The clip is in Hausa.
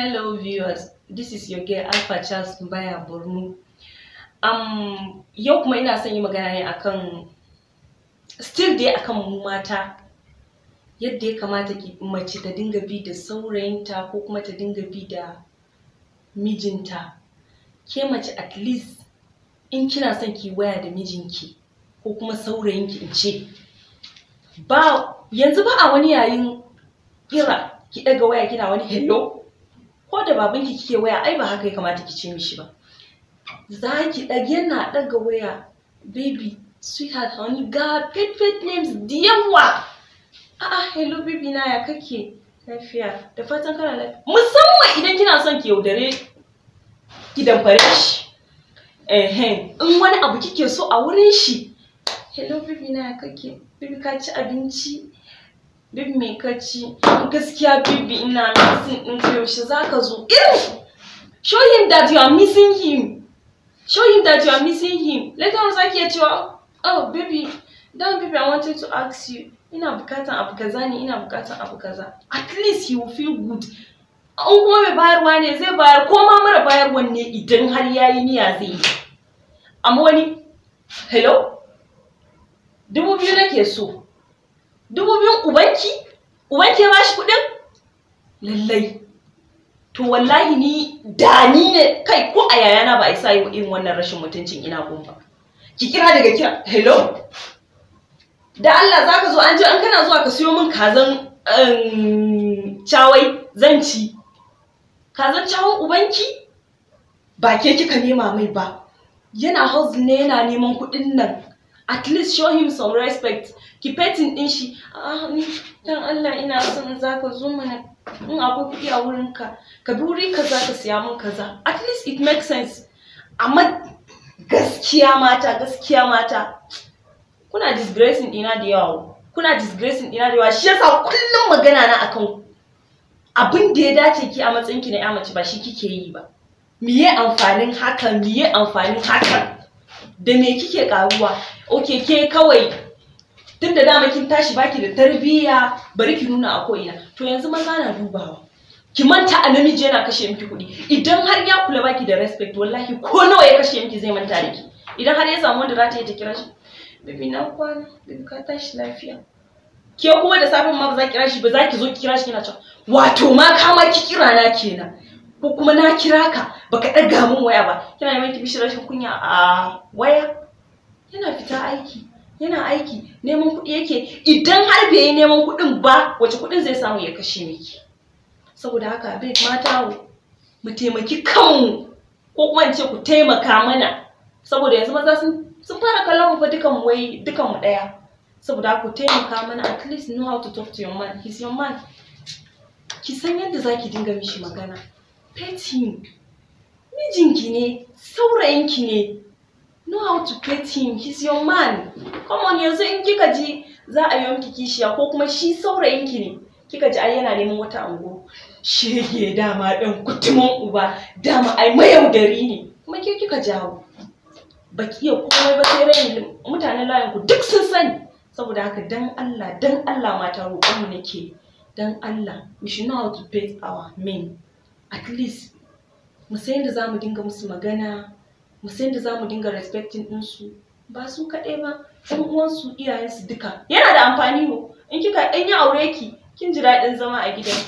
Hello viewers, this is your girl Alpha Charles Mbaya Borno. Um, yau kuma ina son yi magana ne akan still dai akan mu mata yadda ya kamata mace ta dinga bi da saurayinta ko kuma ta dinga bi da mijinta. Ke mace at least in kina son ki waya da mijinki ko kuma saurayinki in ce ba yanzu ba a wani yayin kira ki ɗaga waya kina wani hello ko da babanki kike waya ai ba haka ya kamata ki ce mishi ba za ki ɗage yana ɗaga waya baby sweetheart honey ga pet pet names da yawa a'a hello baby na ya kake lafiya da fatan kana lafiya musamman idan kina son ki yaudare ki fare shi eh in wani abu kike so a wurin shi hello baby na ya kake baby ka ci abinci duk mai kaci gaskiya bibi ina missing din ka yaushe zaka zo irin show him that you are missing him show him that you are missing him later on zaki iya cewa oh baby don baby i wanted to ask you ina bukatan abu kaza ne ina bukatan abu kaza at least you feel good an kuma mai bayarwa ne zai bayar ko ma mara bayarwa ne idan har yayi niyya zai yi amma wani hello dubu biyu nake so dubu biyun ubanki ubanki ya bashi kuɗin lallai to wallahi ni da ni ne kai ko a yayana ba a isa yi irin wannan rashin mutuncin ina ba. ki kira daga kira hello da Allah za ka zo an ji an kana zuwa ka siyo min kazan um, cawai zan ci kazan cawan ubanki ba ke kika nema mai ba yana house ne yana neman kuɗin nan at least show him some respect ki petin din shi ah ni dan Allah ina son za ka zo mana in abu kuɗi a wurin ka ka bi wuri kaza ka siya min kaza at least it makes sense amma gaskiya mata gaskiya mata kuna disgracing ina da yawa kuna disgracing ina da yawa shi yasa kullum magana na akan abin da ya dace ki a matsayin ki na ya mace ba shi kike yi ba miye amfanin hakan miye amfanin hakan da me kike karuwa oke ke kawai tun da dama kin tashi baki da tarbiyya bari ki nuna a ko'ina to yanzu maza na dubawa ki manta a namiji yana kashe miki kuɗi idan har ya kula baki da respect wallahi ko nawa ya kashe miki zai manta da ki idan har ya samu wanda za ta yi ta kira shi bibi na kwana bibi ka tashi lafiya ke kuma da safin ma ba za ki kira shi ba za ki zo ki kira shi kina cewa wato ma kama ki kira na kenan ko kuma na kira ka baka ɗaga min waya ba kina yi miki bishi rashin kunya a waya aiki yana aiki neman kuɗi yake idan har bai yi neman kuɗin ba wace kuɗin zai samu ya kashe miki saboda haka bai mata mu taimaki kanmu ko kuma in ce ku taimaka mana saboda yanzu maza sun fara kallon mu fa dukan mu wai dukan mu daya saboda ku taimaka mana at least know how to talk to your man His your man ki san yadda zaki dinga mishi magana pet him mijinki ne saurayinki ne know how to treat him he's your man come on yanzu in kika ji za a yi miki kishiya ko kuma shi saurayin ki ne kika ji ai yana neman wata ango shege dama ɗan kutumin uba dama ai mayaudari ne kuma ke kika jawo baki iya komai ba sai rai mutanen layin ku duk sun sani saboda haka dan Allah dan Allah mata roƙon nake dan Allah we should know how to pay our men at least mu san yadda zamu dinga musu magana mu san da zamu dinga respecting din ba su kaɗai ba ɗan uwansu iyayensu duka yana da amfani mu in kika ɗan yi aure ki kin ji daɗin zama a gidan